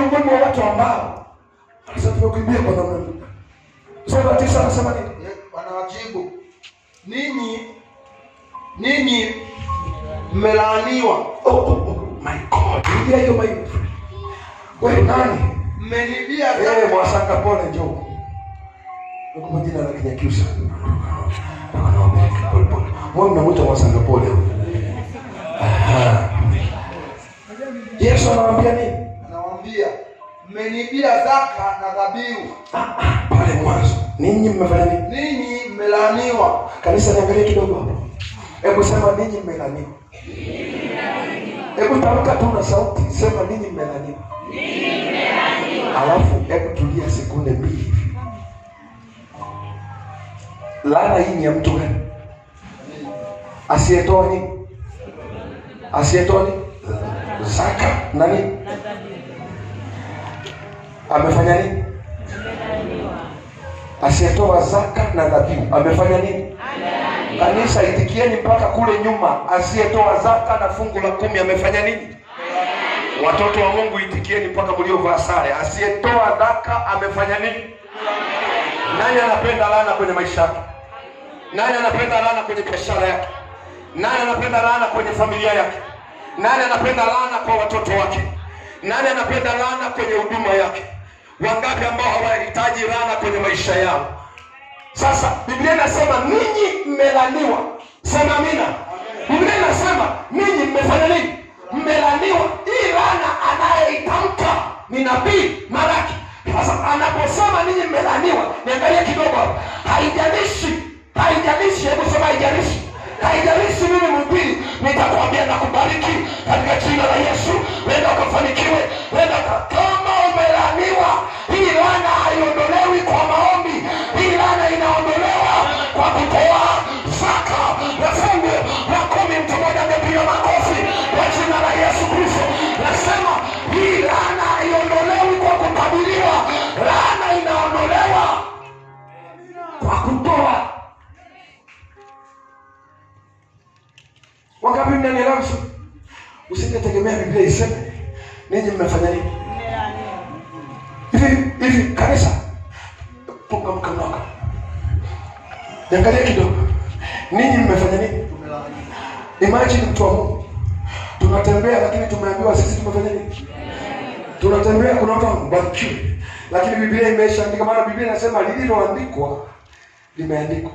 miongoni mwa watu ambao anasema tumekimbia kwa namna hii. Mstari tisa anasema nini? Wanawajibu, ninyi ninyi mmelaaniwa. Oh, oh, oh, my God, ndio hiyo my friend. Wewe nani? Mmenibia sana. Wewe mwasaka, pole, njoo. Kwa jina la Kinyakyusa. Wewe mnamwita mwasaka, pole. Yesu anawaambia nini? mmenibia zaka na dhabihu ah, ah, pale mwanzo. Ninyi mmefanya nini? Ninyi mmelaaniwa. Kanisa, niangalie kidogo hapo. Hebu sema ninyi mmelaaniwa. Hebu tamka tu na sauti, sema ninyi mmelaaniwa. Alafu hebu tulia sekunde mbili. Laana hii ni ya mtu gani? Asiyetoa nini? Asiyetoa nini? Zaka Nani? nini? amefanya nini? Asiyetoa zaka na dhabihu amefanya nini? Kanisa, itikieni mpaka kule nyuma. Asiyetoa zaka na fungu la kumi amefanya nini? Watoto wa Mungu, itikieni mpaka mliovaa sare. Asiyetoa zaka amefanya nini? Nani anapenda laana kwenye maisha yake? Nani anapenda laana kwenye biashara yake? Nani anapenda laana kwenye familia yake? Nani anapenda laana kwa watoto wake? Nani anapenda laana kwenye huduma yake? Wangapi ambao hawahitaji laana kwenye maisha yao? Sasa Biblia inasema ninyi mmelaniwa, sema amina. Biblia inasema ninyi mmefanya nini? Mmelaniwa. Hii laana anayeitamka ni nabii Malaki. Sasa anaposema ninyi mmelaniwa, niangalie kidogo Wangapi ndani lamsu nafsi? Usingetegemea Biblia iseme ninyi mmefanya nini? Hivi hivi kanisa punga mkono. Niangalie kidogo. Ninyi mmefanya nini? Imagine mtu wa Mungu. Tunatembea lakini tumeambiwa sisi tumefanya nini? Tunatembea kuna watu wamebaki. Lakini Biblia imeshaandika maana Biblia inasema lililoandikwa limeandikwa.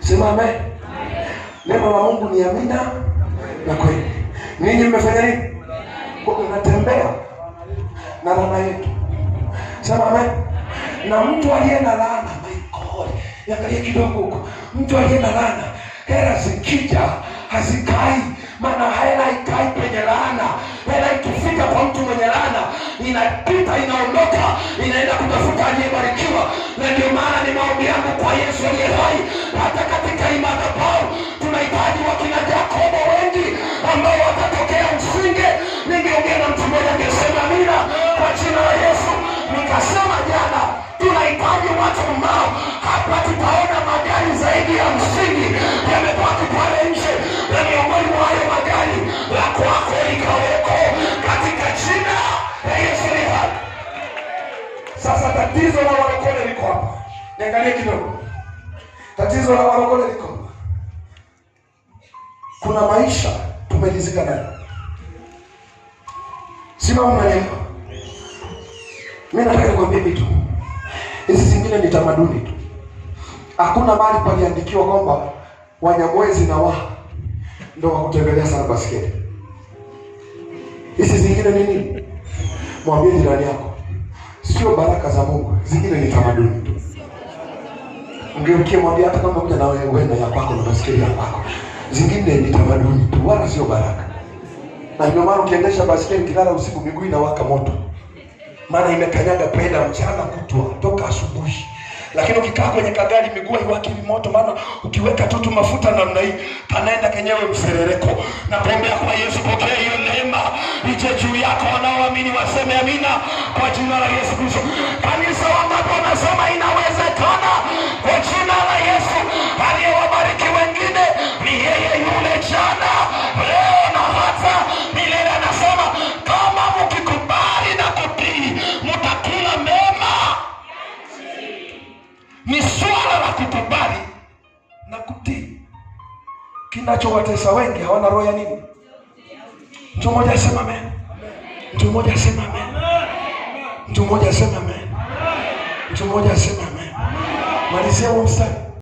Sema amen. Neno la Mungu ni amina na kweli. Ninyi mmefanya nini? Unatembea na laana yetu. Sema Na mtu aliye na laana, my God, niangalie kidogo huko. Mtu aliye na laana, hela zikija hazikai, maana hela ikai penye laana. Hela ikifika kwa mtu mwenye laana, inapita inaondoka, inaenda kutafuta aliyebarikiwa, na ndio maana ni maombi Tatizo la walokole liko hapa. Niangalie kidogo. Tatizo la walokole liko Kuna maisha tumelizika nayo. Sina mnaelewa. Mimi nataka nikwambie kitu. Hizi zingine ni tamaduni tu. Hakuna mahali paliandikiwa kwamba Wanyamwezi na Waha ndo wakutembelea sana basikeli. Hizi zingine nini? Mwambie jirani yako sio baraka za Mungu, zingine ni tamaduni tu. Ungeukie mwambie, hata kama mja wewe wenda ya kwako na basikeli ya kwako, zingine ni tamaduni tu, wala sio baraka. Na ndio maana ukiendesha basikeli kilala usiku, miguu inawaka moto, maana imekanyaga peda mchana kutwa toka asubuhi lakini ukikaa kwenye kagari miguu haiwaki moto, maana ukiweka tutu mafuta namna hii panaenda kenyewe mserereko na pembea wako wanaoamini waseme amina kwa jina la Yesu Kristo. Kanisa wangapi wanasema inawezekana? Kwa jina la Yesu, aliyewabariki wengine ni yeye yule jana, leo na hata milele. Anasema kama mkikubali na kutii, mtakula mema. Ni swala la kukubali na kutii. Kinachowatesa wengi hawana roho ya nini? Mtu mmoja asema amen. Mtu mmoja asema amen. Mtu mmoja asema amen. Mtu mmoja asema amen. Malizia huo mstari.